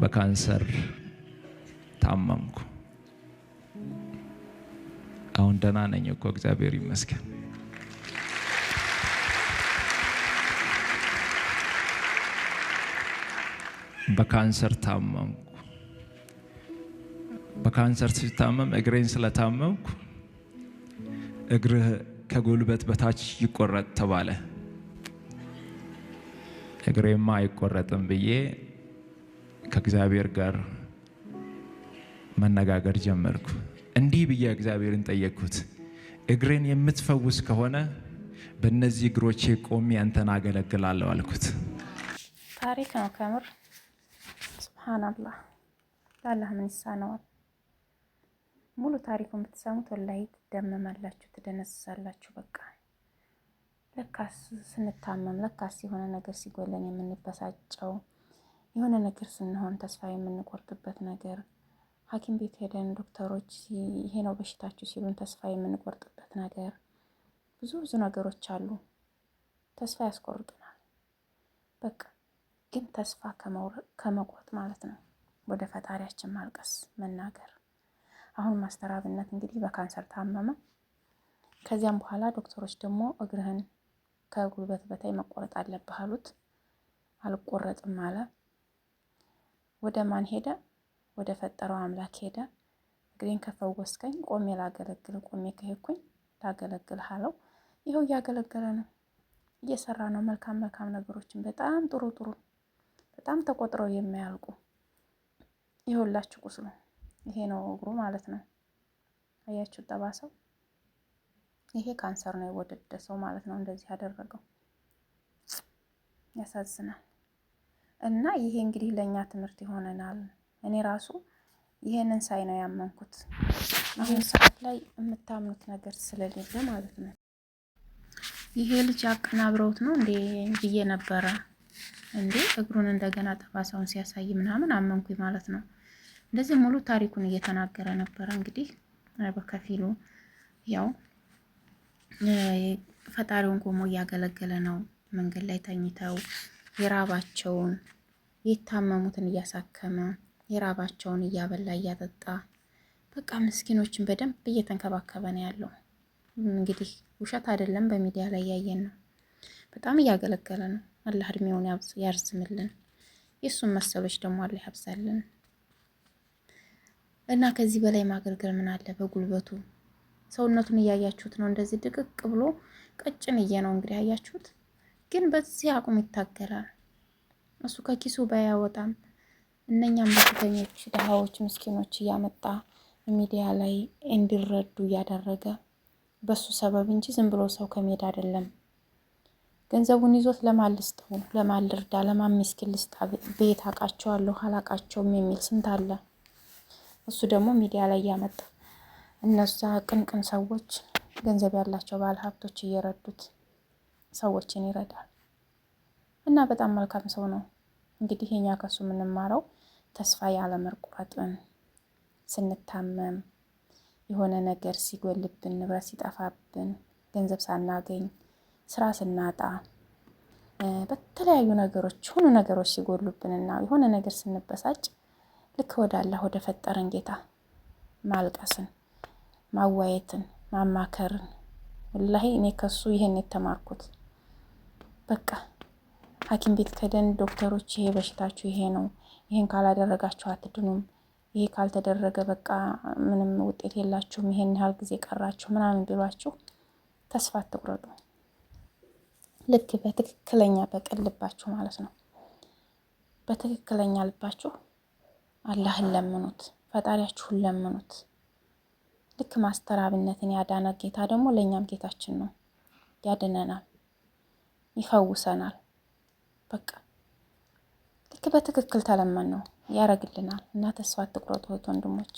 በካንሰር ታመምኩ። አሁን ደህና ነኝ እኮ እግዚአብሔር ይመስገን። በካንሰር ታመምኩ። በካንሰር ሲታመም እግሬን ስለታመምኩ እግርህ ከጉልበት በታች ይቆረጥ ተባለ። እግሬማ አይቆረጥም ብዬ ከእግዚአብሔር ጋር መነጋገር ጀመርኩ። እንዲህ ብዬ እግዚአብሔርን ጠየቅኩት፣ እግሬን የምትፈውስ ከሆነ በእነዚህ እግሮቼ ቆሜ አንተን አገለግላለሁ አልኩት። ታሪክ ነው ከምር። ሱብሃናላህ ለአላህ ምን ይሳነዋል? ሙሉ ታሪኩን ብትሰሙት ወላሂ ትደመማላችሁ፣ ትደነስሳላችሁ። በቃ ለካስ ስንታመም፣ ለካስ የሆነ ነገር ሲጎለን የምንበሳጨው የሆነ ነገር ስንሆን ተስፋ የምንቆርጥበት ነገር ሐኪም ቤት ሄደን ዶክተሮች ይሄ ነው በሽታችሁ ሲሉን ተስፋ የምንቆርጥበት ነገር ብዙ ብዙ ነገሮች አሉ። ተስፋ ያስቆርጡናል። በቃ ግን ተስፋ ከመቁረጥ ማለት ነው ወደ ፈጣሪያችን ማልቀስ መናገር። አሁን ማስተር አብነት እንግዲህ በካንሰር ታመመ። ከዚያም በኋላ ዶክተሮች ደግሞ እግርህን ከጉልበት በታይ መቆረጥ አለብህ አሉት። አልቆረጥም አለ። ወደ ማን ሄደ? ወደ ፈጠረው አምላክ ሄደ። እግሬን ከፈወስከኝ ቆሜ ላገለግል ቆሜ ከሄድኩኝ ላገለግል አለው። ይኸው እያገለገለ ነው፣ እየሰራ ነው። መልካም መልካም ነገሮችን በጣም ጥሩ ጥሩ በጣም ተቆጥረው የማያልቁ ይኸውላችሁ፣ ቁስሉ ይሄ ነው እግሩ ማለት ነው። አያችሁ ጠባሰው። ይሄ ካንሰር ነው የወደደ ሰው ማለት ነው። እንደዚህ ያደረገው ያሳዝናል። እና ይሄ እንግዲህ ለእኛ ትምህርት ይሆነናል። እኔ ራሱ ይሄንን ሳይ ነው ያመንኩት። አሁን ሰዓት ላይ የምታምኑት ነገር ስለሌለ ማለት ነው። ይሄ ልጅ አቀናብረውት ነው እንዴ ብዬ ነበረ። እንዴ እግሩን እንደገና ጠባሳውን ሲያሳይ ምናምን አመንኩኝ ማለት ነው። እንደዚህ ሙሉ ታሪኩን እየተናገረ ነበረ። እንግዲህ በከፊሉ ያው ፈጣሪውን ቆሞ እያገለገለ ነው። መንገድ ላይ ተኝተው የራባቸውን የታመሙትን እያሳከመ የራባቸውን እያበላ እያጠጣ በቃ ምስኪኖችን በደንብ እየተንከባከበ ነው ያለው። እንግዲህ ውሸት አይደለም፣ በሚዲያ ላይ ያየን ነው። በጣም እያገለገለ ነው። አላህ እድሜውን ያርዝምልን፣ የእሱን መሰሎች ደግሞ አላህ ያብዛልን እና ከዚህ በላይ ማገልገል ምን አለ? በጉልበቱ ሰውነቱን እያያችሁት ነው። እንደዚህ ድቅቅ ብሎ እየ ነው እንግዲህ አያችሁት። ግን በዚህ አቁም ይታገላል። እሱ ከኪሱ ባያወጣም እነኛም በሽተኞች፣ ድሃዎች፣ ምስኪኖች እያመጣ ሚዲያ ላይ እንዲረዱ እያደረገ በሱ ሰበብ እንጂ ዝም ብሎ ሰው ከሜዳ አይደለም። ገንዘቡን ይዞት ለማልስጠው ለማልርዳ ለማሚስኪን ልስጣ ቤት አውቃቸዋለሁ አላውቃቸውም የሚል ስንት አለ። እሱ ደግሞ ሚዲያ ላይ እያመጣ እነዛ ቅንቅን ሰዎች ገንዘብ ያላቸው ባለሀብቶች እየረዱት ሰዎችን ይረዳል እና በጣም መልካም ሰው ነው። እንግዲህ የኛ ከሱ የምንማረው ተስፋ ያለመቁረጥን ስንታመም የሆነ ነገር ሲጎልብን፣ ንብረት ሲጠፋብን፣ ገንዘብ ሳናገኝ፣ ስራ ስናጣ፣ በተለያዩ ነገሮች የሆኑ ነገሮች ሲጎሉብንና የሆነ ነገር ስንበሳጭ ልክ ወደ አላህ ወደ ፈጠረን ጌታ ማልቀስን፣ ማዋየትን፣ ማማከርን ወላሂ እኔ ከሱ ይህን የተማርኩት በቃ ሐኪም ቤት ከደን ዶክተሮች ይሄ በሽታችሁ ይሄ ነው፣ ይሄን ካላደረጋችሁ አትድኑም፣ ይሄ ካልተደረገ በቃ ምንም ውጤት የላችሁም፣ ይሄን ያህል ጊዜ ቀራችሁ ምናምን ቢሏችሁ ተስፋ አትቁረጡ። ልክ በትክክለኛ በቅን ልባችሁ ማለት ነው። በትክክለኛ ልባችሁ አላህን ለምኑት፣ ፈጣሪያችሁን ለምኑት። ልክ ማስተራብነትን ያዳነ ጌታ ደግሞ ለእኛም ጌታችን ነው፣ ያድነናል። ይፈውሰናል። በቃ ልክ በትክክል ተለመን ነው ያረግልናል። እና ተስፋ አትቁረጡ ወንድሞች።